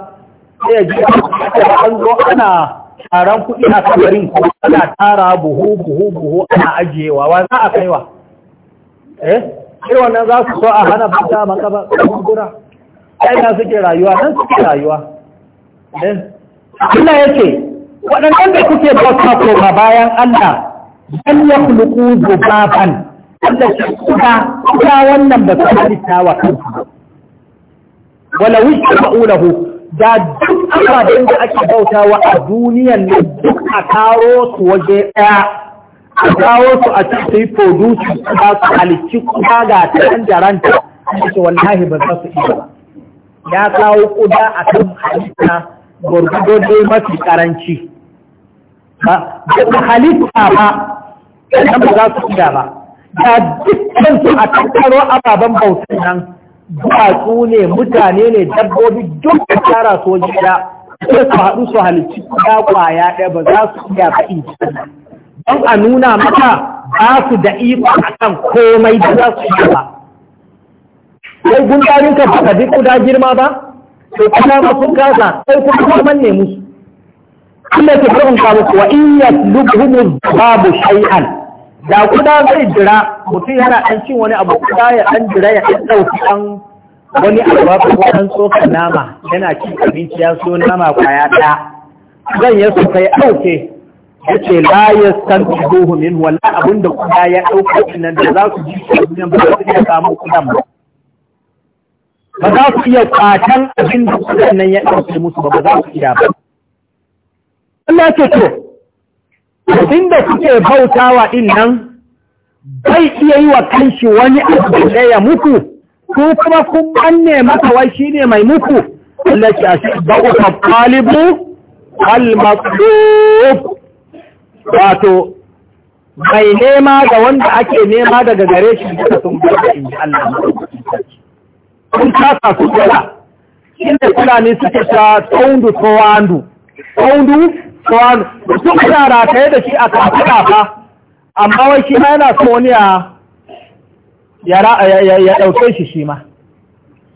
sai ya jika a ciki an zo ana taron kuɗi a kamarin ko ana tara buhu buhu buhu ana ajiyewa wa za a kaiwa eh sai wannan za su so a hana bata makaba kubura ai na suke rayuwa nan suke rayuwa eh Allah yake waɗannan da kuke bauta ko ba bayan Allah dan ya khuluqu zubaban Allah shi kuka kuka wannan ba su halitta wa kansu wala wishta ma'ulahu da duk ababen da ake bautawa a duniyan ne duk a taro su waje ɗaya a kawo su a cikin su yi produce ba su halicci kuma ga taron jaranta a ce wallahi ba za su iya ba ya kawo kuda a kan halitta gurgudo dai mafi karanci ba da halitta ba ɗan ba za su iya ba Ya dukkan su a tattaro ababen bautan nan duwatsu ne mutane ne dabbobi duk da tara su waje ɗaya sai su haɗu su halicci ɗaya kwaya ɗaya ba za su iya ba don a nuna maka ba su da iko a kan komai da za su yi ba sai gundarin ka baka duk guda girma ba sai kuma sun kaza sai kuma kuma manne musu Allah ke karanta muku wa in yaslubhumu babu shay'an da kuda zai jira mutum yana ɗan cin wani abu kuma ya ɗan jira ya ɗan ɗauki ɗan wani abu ko ɗan tsoka nama yana cin abinci ya so nama kwaya ɗaya zan ya so kai ɗauke ya ce la ya san tuhu min wala abin da kuma ya ɗauka nan da za su ji su ba su iya samu ba ba za su iya kwatan abin da nan ya ɗauke musu ba ba za su iya ba Allah ce abin da kuke bautawa din nan bai iya yi wa kanshi wani abu da ya muku ko kuma kun banne maka wai shine mai muku Allah ke shi ba talibu al-maqlub wato mai nema ga wanda ake nema daga gare shi da sun gaba in ji Allah sun kasa su kula inda fulani suke ta tsaundu tsawandu tsaundu tsawon mutum ana rataye da shi a kafaɗa fa amma wai shi ma yana so wani ya ɗauke shi shi ma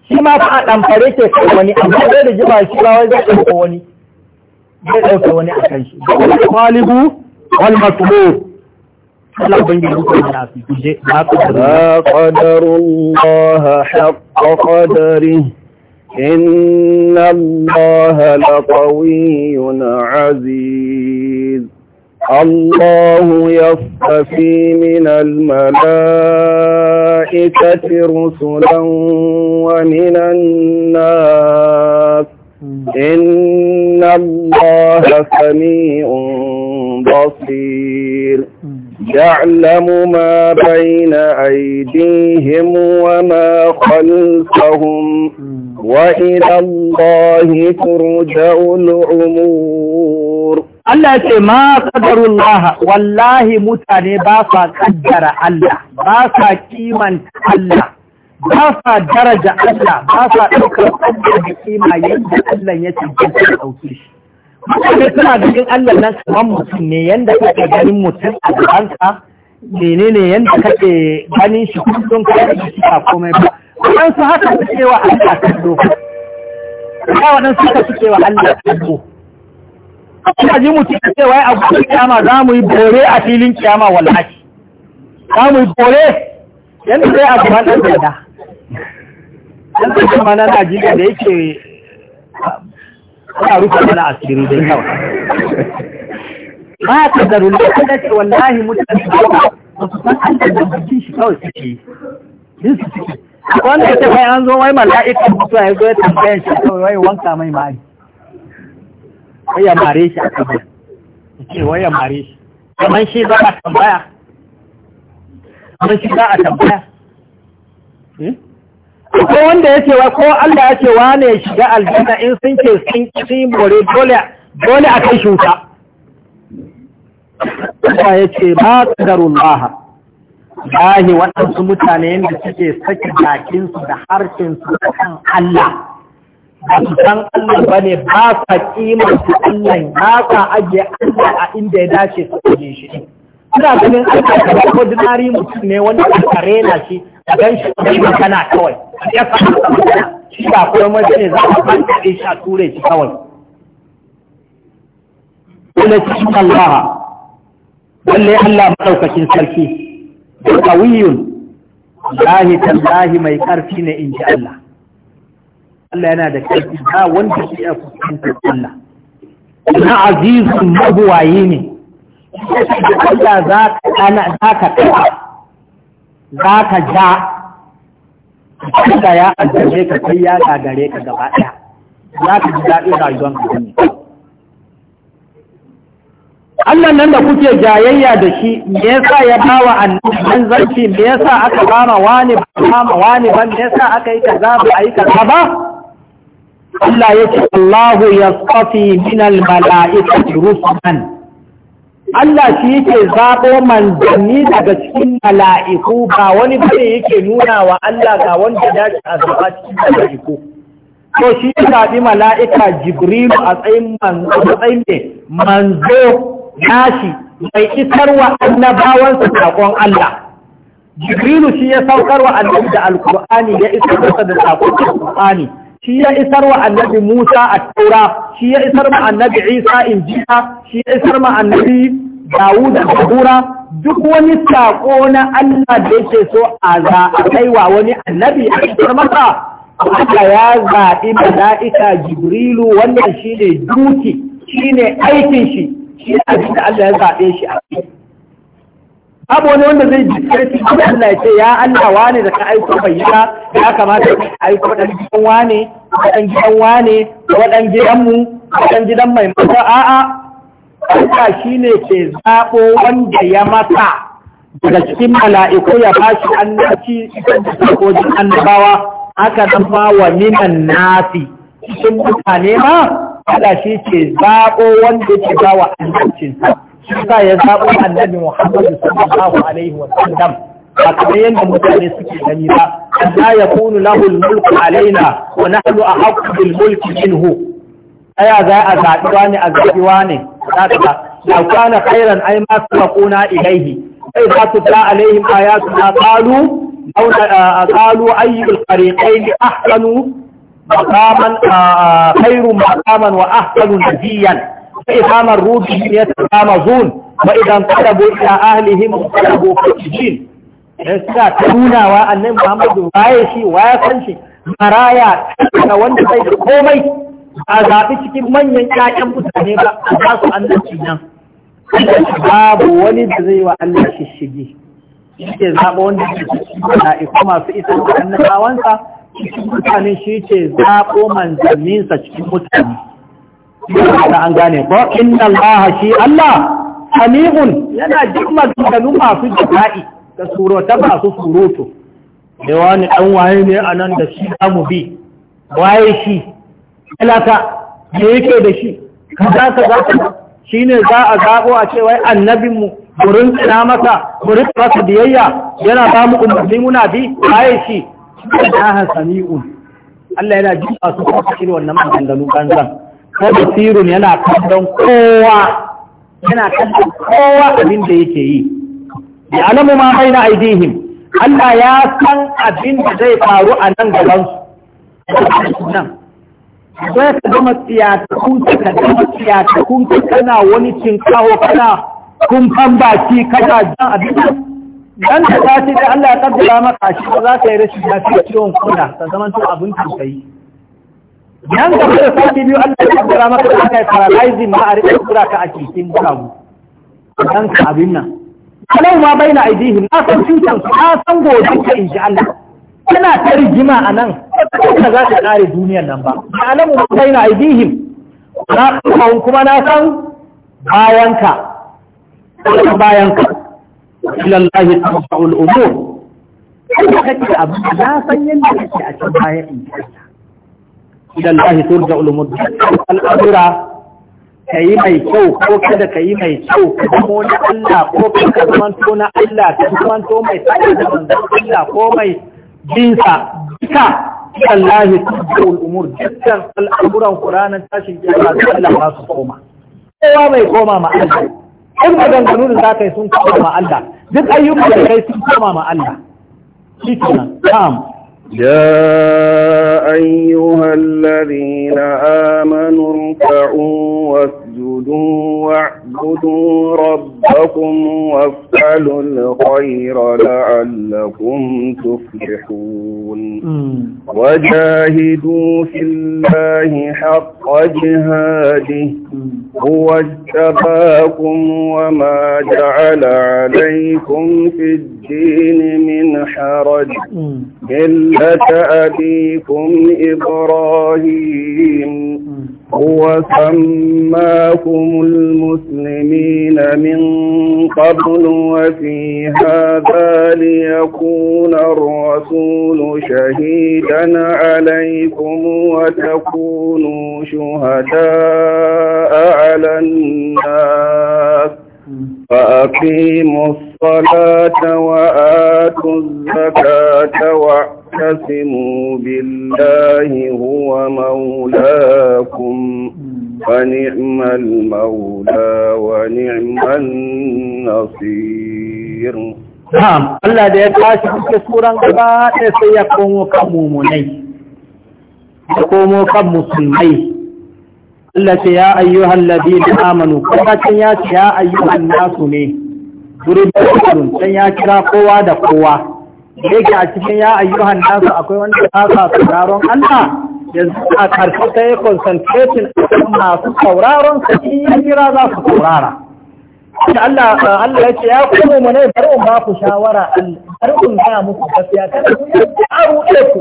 shi ma fa a ɗamfare ke kai wani amma zai da jima shi ma wai zai ɗauka wani zai ɗauka wani a kan shi kwalibu wal matulu Allah bin yi rukun da fi kuje ba ku da qadarullaha haqqa qadarihi إن الله لقوي عزيز الله يصطفي من الملائكة رسلا ومن الناس إن الله سميع بصير يعلم ما بين أيديهم وما خلفهم وإلى الله ترجع الأمور Allah ya ce ma qadarullah wallahi mutane ba sa kaddara Allah ba sa kimanta Allah ba sa daraja Allah ba sa ɗaukar Allah da kima yadda Allah ya cancanta da ɗauke shi mutane suna ganin Allah nan kamar mutum ne yanda kake ganin mutum a gabanka menene yanda kake ganin shi kullum kai da shi a komai ba waɗansu haka suke wa Allah kallo ya waɗansu haka suke wa Allah kallo ina ji mutum ya cewa wai a gudun kyama za mu yi bore a filin kyama wallahi za mu yi bore yadda zai a gaban ɗan Yan yadda kuma na Najeriya da yake ana rufe mana asiri dai yawa. ba ta zaru ne ta ce wallahi mutane ba su san an da jikin shi kawai suke yi su suke wanda ta kai an zo wai mala'ikan mutuwa ya zo ya tambayan shi kawai wai wanka mai mari wai ya mare shi a kabir ce wai ya mare shi kamar shi za a tambaya kamar shi za a tambaya hmm? akwai wanda ya ce wai ko Allah ya ce wa ne shiga aljanna in sun ce sun sun more dole dole a kai shuka? Allah ya ce ba qadarullah gahi waɗansu mutane yadda suke saki jakinsu da harshensu da kan Allah ba su san Allah ba ne ba sa ƙimar su Allah ba sa ajiye Allah a inda ya dace su ajiye shi ina ganin Allah ko ordinary mutum ne wanda kare na shi a gan shi bai magana kawai ya samu magana shi ba yamma shi ne za a fanta shi a ture shi kawai Allah Allah Allah maɗaukakin sarki qawiyun lahi tallahi mai ƙarfi ne in ji Allah Allah yana da karfi ba wanda shi ya fuskanta Allah na azizun mabuwayi ne Allah za ka kana za ka kafa za ka ja ka ya addabe ka kai ya gagare ka gaba ɗaya za ka ji daɗin rayuwar ka ne Allah nan da kuke jayayya da shi me yasa ya bawa annabi zarfi me yasa aka bama wani bama wani ban me yasa aka yi kaza ba yi kaza ba Allah yace Allahu yasqati min al-mala'ikati rusulan Allah shi yake zaɓo manzanni daga cikin mala'iku ba wani bane yake nuna wa Allah ga wanda dace a zaɓa cikin mala'iku. To shi ka zaɓi mala'ika Jibrilu a tsayin manzo, manzo Yashi mai wa annabawansa sakon Allah jibrilu shi ya saukar wa annabi da alkur'ani ya isar masa da sakon alkur'ani shi ya isar wa annabi musa a tura shi ya isar ma annabi isa injiya shi ya isar ma annabi dawud da zabura duk wani sako na Allah da yake so a za wani annabi a isar masa Allah ya zaɓi mala'ika jibrilu wannan shi shine duki ne aikin shi shi abin da Allah ya zaɓe shi a kai abu wani wanda zai ji karfi kuma Allah ya ce ya Allah wane da ka aiko bai ya kamata ka aiko dan gidan wane dan gidan wane dan gidan mu dan gidan mai mata a'a Allah shine ke zaɓo wanda ya mata daga cikin mala'iku ya bashi annabci kojin annabawa haka nan ma wa minan nasi cikin mutane ma Allah shi ke zaɓo wanda yake ba wa annabcinsa shi sa ya zaɓo annabi Muhammadu sallallahu alaihi wa sallam ba kamar yadda mutane suke gani ba Allah ya kunu lahul mulku alaina wa nahnu ahaqqu bil mulki minhu aya za a zaɓi wani a zaɓi wani zaka law kana khairan ay ma sabaquna ilaihi? Sai za su ta alaihim ayatuna qalu qalu ayyul fariqayn ahsanu مقاما خير مقاما وأحسن نجيا فإقام الروح يتقامزون وإذا انقلبوا إلى أهلهم انقلبوا فاسجين suna ta nuna wa annan Muhammadu waye shi waya san shi maraya da wanda zai da komai a zabi cikin manyan ƴaƴan mutane ba a su annabci nan babu wani da zai wa Allah shishigi yake zaɓa wanda kuma su isa da cikin mutane shi ce zaɓo manzanninsa cikin mutane da an gane ko inna Allah shi Allah sami'un yana duk maganganu masu jima'i da surota masu surutu da wani ɗan waye ne a nan da shi za bi waye shi alaka, me yake da shi kaza za ka shi ne za a zaɓo a ce wai annabinmu mu rintsina masa mu biyayya yana ba mu umarni muna bi waye shi Allah sami'un Allah yana ji a su kuma shi wannan maganganu kanzan ko basirun yana kallon kowa yana kallon kowa abin da yake yi bi alamu ma baina aidihim Allah ya san abin da zai faru a nan gaban su nan sai ka ta tsiyatakun ka ta tsiyatakun kana wani kawo kana kumfan baki kana jan abin dan da ta ce da Allah ya kaddara maka shi ba za ka yi rashin lafiya ciwon kuna ta zama to abin tausayi dan da ka sati biyu Allah ya kaddara maka za ka yi paralyzing ma a rike kura ka a cikin babu dan ka abin nan kalau ma baina aidihim na san cutan su na san gobe ka inji Allah kana ta rigima a nan ka za ka kare duniyar nan ba alamu ma baina aidihim na kuma na san bayanka bayanka ila Allah tarfa'u al-umur kuma kake abu na san yanda a cikin bayan kayi mai kyau ko kada kayi mai kyau ka na Allah ko ka zamanto na Allah ka zamanto mai tsari da manzon Allah ko mai jinsa duka allahi Allah turja'u al-umur dukkan al Qur'anin tashin kiyama Allah ba su koma kowa mai koma ma Allah in maganganu da za ka yi sun koma ma Allah duk ayyukan da kai sun kama ma Allah shi kenan na'am يا أيها الذين آمنوا اركعوا واسجدوا فاسجدوا واعبدوا ربكم وافعلوا الخير لعلكم تفلحون وجاهدوا في الله حق جهاده هو اجتباكم وما جعل عليكم في الدين من حرج ملة أبيكم إبراهيم هو سماكم المسلمين من قبل وفي هذا ليكون الرسول شهيدا عليكم وتكونوا شهداء على الناس فأقيموا الصلاة وآتوا الزكاة وأتوا واعتصموا بالله هو مولاكم فنعم المولى ونعم النصير نعم الله ده يتعاشي في سورة قبات سيقوم كمومني يقوم كمسلمي التي يا أيها الذين آمنوا فقط يا أيها الناس ني guri da sun ya kira kowa da kowa yake a cikin ya ayyuhan nasu akwai wanda ta sa sauraron Allah yanzu a ƙarshe ta yi concentration masu sauraron sa in kira za su saurara Allah Allah ya ce ya kuma mu ne bari in ba ku shawara bari in ga muku gaskiya kada ku a ruɗe ku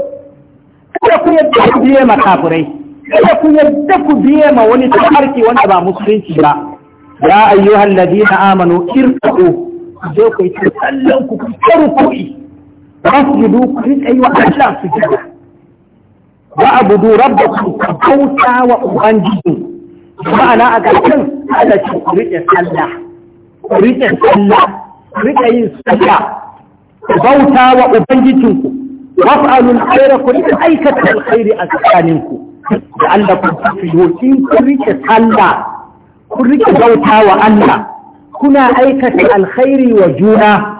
kada ku yadda ku biye ma kafirai kada ku yadda ku biye ma wani tafarki wanda ba musulunci ba ya ayyuhan ladina amanu irku je ku yi kallon ku ku ruku'i wasjudu ku rinka yi wa Allah sujada wa abudu rabbakum ku kauta wa ubangiji ma'ana a ƙarshen Allah ce ku riƙe sallah ku riƙe sallah ku riƙe yin sallah ku bauta wa ubangijinku waf'alu alkhaira ku riƙe aikata alkhairi a tsakaninku da Allah ku tafiyo in ku riƙe sallah ku riƙe bauta wa Allah kuna aikata alkhairi wa juna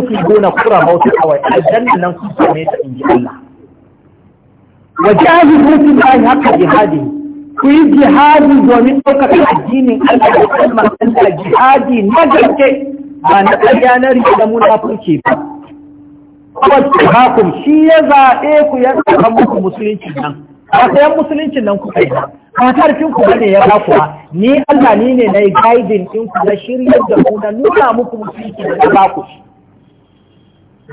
fi gona kura mautu kawai aljanna nan kun same ta inji Allah wa mutu fi Allah haka jihadi ku yi jihadi domin ɗaukaka addinin Allah da kalmar Allah jihadi na gaske ba na ƙarya na riga munafurci ba wacce hakum shi ya zaɓe ku ya zaɓa muku musulunci nan ba sayan musulunci nan ku kai ba karfin ku bane ya ba kuwa ni Allah ni ne na yi gaidin ɗin ku na shiryar da ku na nuna muku musulunci da ya ba ku shi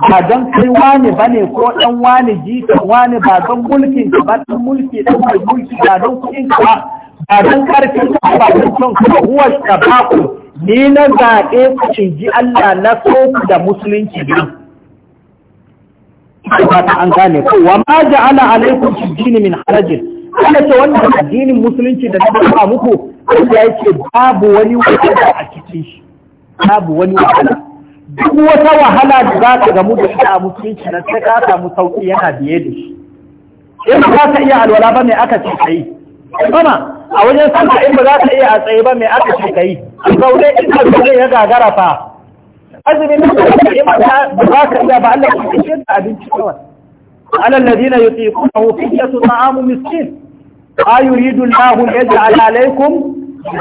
ba don kai wani ba ne ko ɗan wani jikan wani ba don mulkin ka ba ɗan mulki ɗan mai mulki ba don kuɗin ka ba ba don ƙarfin ka ba don son ka huwa ku ni na zaɓe ku cinji Allah na so ku da musulunci ne. Ba ta an gane ku. wa ma ja'ala alaikum shi jini min harajin Allah ce wannan addinin musulunci da na ba muku Allah ya ce babu wani wahala a cikin shi babu wani wahala duk wata wahala da za ka gamu da shi a musulunci na sai ka samu sauƙi yana biye da shi in ba ka iya alwala ba mai aka ce ka yi bana a wajen sallah in ba za ka iya a tsaye ba mai aka ce ka yi a zaune in ka zaune ya gagara fa azumin da ka yi mata ba za ka iya ba Allah ka ce da abinci kawai alal ladina yutiqunahu fidyatun ta'amu miskin a yuridu Allahu yaj'al alaykum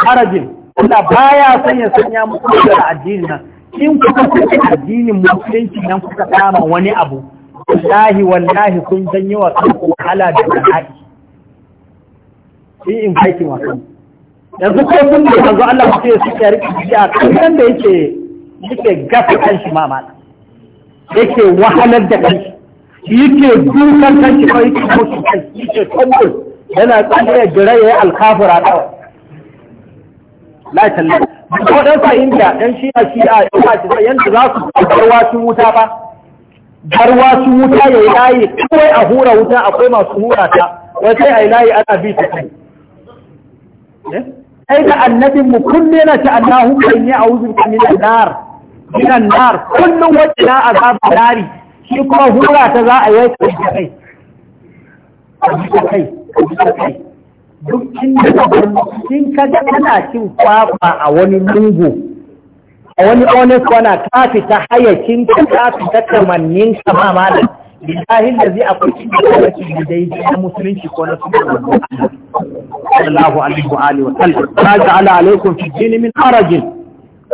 harajin Allah baya son ya sanya muku da addinin nan in kuka saki addinin musulunci nan kuka kama wani abu wallahi wallahi kun janyo wa kanku wahala da bala'i in kai wa kanku yanzu ko kun da yanzu Allah ya ce suke rike a kan da yake yake gasa kanshi ma mala yake wahalar da kanshi yake dukan kanshi ko yake kan shi yake tumbu yana tsare jira yayi alkafira kawai la tallafi ko dan fahimta ɗan shi'a shi'a ya ba shi yanda za su garwa su wuta ba garwa su wuta ya layi kawai a hura wuta akwai masu hura ta wai sai a yi layi ana bi ta kai sai eh? da annabin mu kullum na ta annahu kan yi a'udhu bika min nar min nar kullum wajina azab nari shi kuma hura ta za a yi kai kai kai kai duk inda in ka ga kana cin kwakwa a wani lungu a wani honest kwana ka fita hayacin ka ka fita kamannin ka ma malam billahi lazi akwai cikin kwanaki da daidai na musulunci ko na sunan sallallahu alaihi wa alihi wa sallam ta ja'ala alaikum fi dini min harajin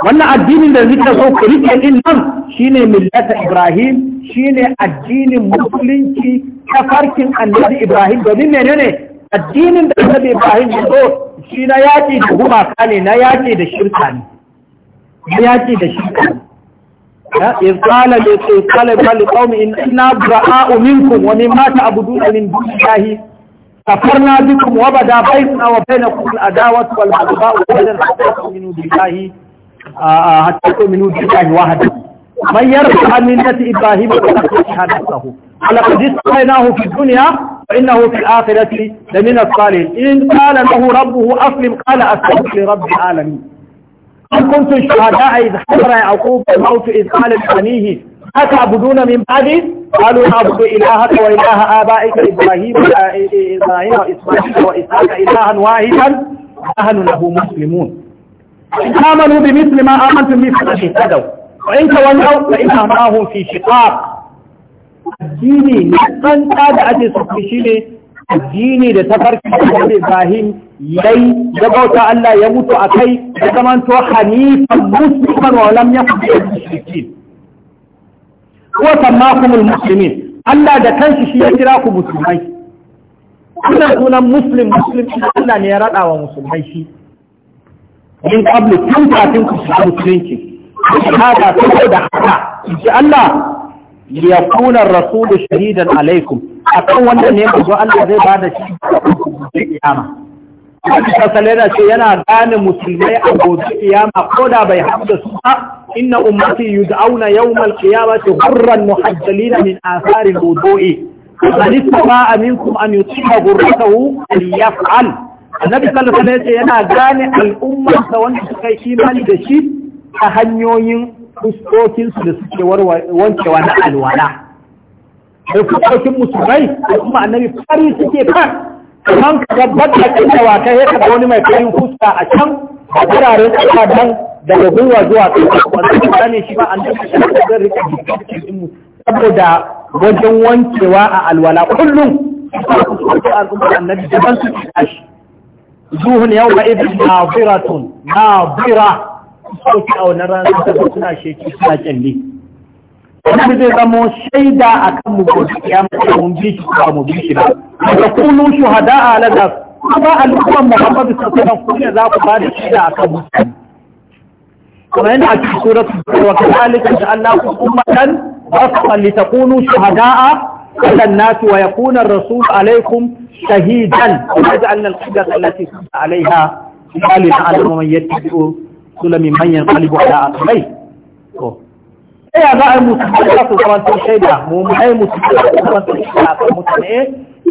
wannan addinin da zika so ku rike din nan shine millata ibrahim shine addinin musulunci ta farkin annabi ibrahim domin menene addinin da annabi ibrahim ya zo shi na yaki da gumaka ne na yaki da shirka ne na yaki da shirka ne ya izala da sai kale bali qaumi in inna bra'a'u minkum wa mimma ta'buduna min dunillahi illahi kafarna bikum wa bada bainana wa bainakum wa lan tuqatu min dunillahi hatta tu'minu billahi wahda man yarfa min nati ibrahim wa taqul hadathahu alaqad فإنه في الآخرة لمن الصالحين إن قال له ربه أسلم قال أسلمت لرب العالمين أم كنتم شهداء إذ حضر يعقوب الموت إذ قال لبنيه أتعبدون من بعدي قالوا نعبد إلهك وإله آبائك إبراهيم آه، إبراهيم وإسماعيل وإسحاق إلها واحدا أهل له مسلمون إن آمنوا بمثل ما آمنتم به فقد اهتدوا وإن تولوا فإنهم معهم في شقاق addini ne tsantsa da ake sufi shi ne addini da ta farki da Ibrahim yayi ya bauta Allah ya mutu a kai da zamanto hanifan musulman wa lam yakun mushrikin wa sammakumul muslimin Allah da kanshi shi ya kira ku musulmai Kuna sunan muslim muslim Allah ne ya rada wa musulmai shi min qablu tun kafin ku musulunci hada da haka inji Allah liyakuna rasulu shahidan alaikum akan wanda ne zo Allah zai bada shi kiyama Allah sallada ce yana gane musulmai a gobe kiyama ko da bai hada su ba inna ummati yud'auna yawmal qiyamati hurran muhajjalina min athari al-wudu'i man istata'a minkum an yutimma ghurratahu falyaf'al annabi sallallahu alaihi wasallam yana gane al'ummar sa wanda suka yi imani da shi ta hanyoyin fuskokinsu da suke wankewa na alwala da fuskokin musulmai da kuma annabi fari suke kan kamar ka gabata kan dawaka ya kaga wani mai farin fuska a can a wuraren ƙasa dan daga gwiwa zuwa ƙasa wanda ba ne shi ba annabi shi ne zai rika jikin mu saboda wajen wankewa a alwala kullum annabi daban su tashi zuhun yau ba idin naziratun nazira sauki a wannan ranar da suna sheki suna kyalle wannan zai zamo shaida a kan mu gobe Ya ce mun bi shi ba mu bi shi ba da kunu shuhada a lada kuma al'ummar muhammadu sallallahu alaihi wasallam kuma za ku ba da shaida a kan mutane kuma yana a cikin suratul wa kadhalika ja'alnakum ummatan wasatan litakunu shuhada'a على الناس ويكون الرسول عليكم شهيدا ويجعلنا القبلة التي كنت عليها قال لعلم من يتبع kula min manyan kalibu ala asibai to ɗaya ya za a yi musulmi da kasu zama sun shaida mu mu haini musulmi da kasu zama sun shaida a kan mutane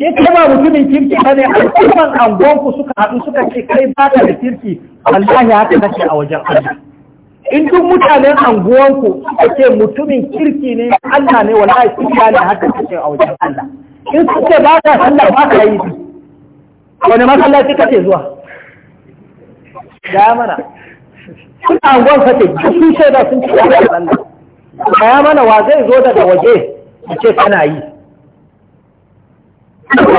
eh, ke kama mutumin kirki ba ne angon angonku suka haɗu suka ce kai ba ka da kirki wallahi haka kake a wajen Allah in duk mutanen anguwanku suka ce mutumin kirki ne Allah ne wallahi kirkiya ne haka kake a wajen Allah in ce ba ka sallah ba ka yi wani masallaci kake zuwa Ya mana sun angon sace sun shaida sun ci a sallah kaya mana wa zai zo daga waje a ce kana yi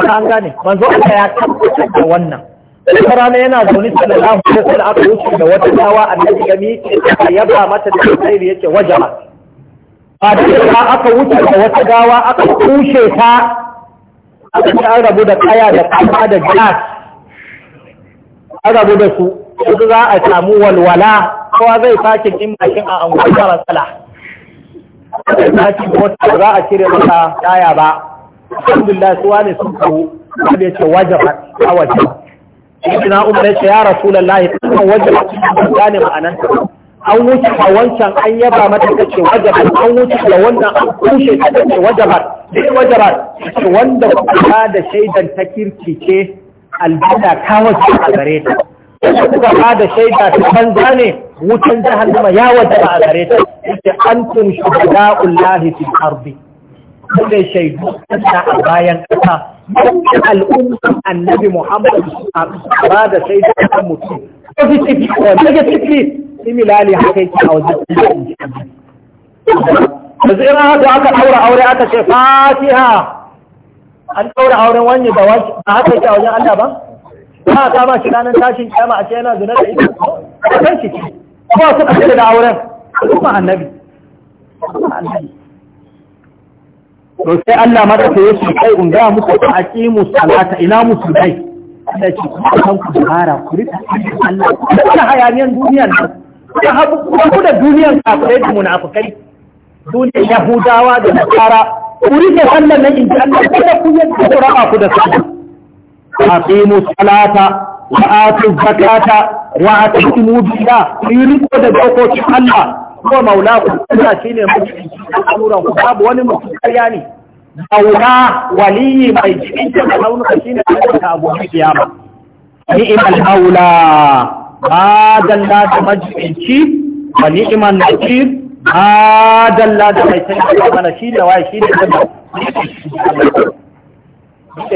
an gane manzo Allah ya tabbatar da wannan wata rana yana zaune sallallahu alaihi wasallam aka wuce da wata dawa annabi ya miƙe ya ba mata da tsayi yace waje ba da aka wuce da wata dawa aka kushe ta aka ci an rabu da kaya da kama da gas. an rabu da su yanzu za a samu walwala kowa zai sakin in mashin a anguwa ta matsala sakin mota za a cire maka taya ba alhamdulillah su wani sun kawo wanda ce wajaba a wajaba ina umar ya ce ya rasulullahi kan wajaba cikin gane ma'ananta an wuce a wancan an yaba mata ta ce wajabar an wuce da wannan an kushe ta ta ce wajabar sai wajabar ce wanda kuma da shaidan ta kirki ce albada ta wace a gare ta da kuka ba da shaida ta banza ne wutan jahannama ya wajaba a gare ta yace antum shuhada'ul lahi fil ardi kuka shaidu ta a bayan kasa yadda al'ummar annabi muhammad a ba da shaida ta mutum positively or negatively similarly haka yake a wajen yanzu in haka aka daura aure aka ce fatiha an daura auren wani da wani ba haka yake a wajen Allah ba ba a kama shi ranar tashin kyama a ce yana zina da ita a kan shi ko suka ce da auren kuma annabi to sai Allah ma ta yace kai unga muku a aqimu salata ina musu dai Allah ce ku san ku fara ku rika Allah kuna hayaniyan duniyar nan kuna habu ku da ka kafirai da munafikai duniyar yahudawa da nasara ku rika sallan nan in Allah kada ku yadda ku raba ku da sallah aqimu salata wa atu zakata wa atimu billah ku riko da dokokin Allah ko maulaku Allah shine mutum al'amuran ku babu wani mutum karya ne maula waliyi mai cikin da launuka shine Allah ta abu kiyama ni'mal maula ba dalla da majinci wa ni'man nakir ba dalla da mai sai mana shi da wai shi da Allah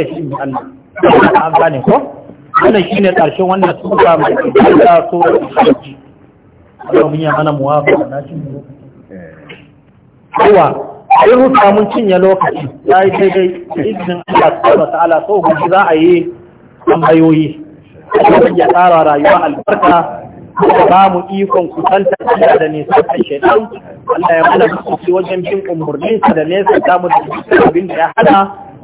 shi da Allah an gane ko wannan shi ne ƙarshen wannan suka mai ƙarfi so da ƙarfi yau mun yi mana muwafa na cin lokaci yawa sai ruka mun cinye lokaci ya yi daidai izinin Allah subhanahu ta'ala so gobe za a yi tambayoyi Allah ya tsara rayuwa albarka da ba mu ikon kusanta Allah da nesa da shaidan Allah ya mana kusurci wajen bin umarninsa da nesa damu da abin da ya hada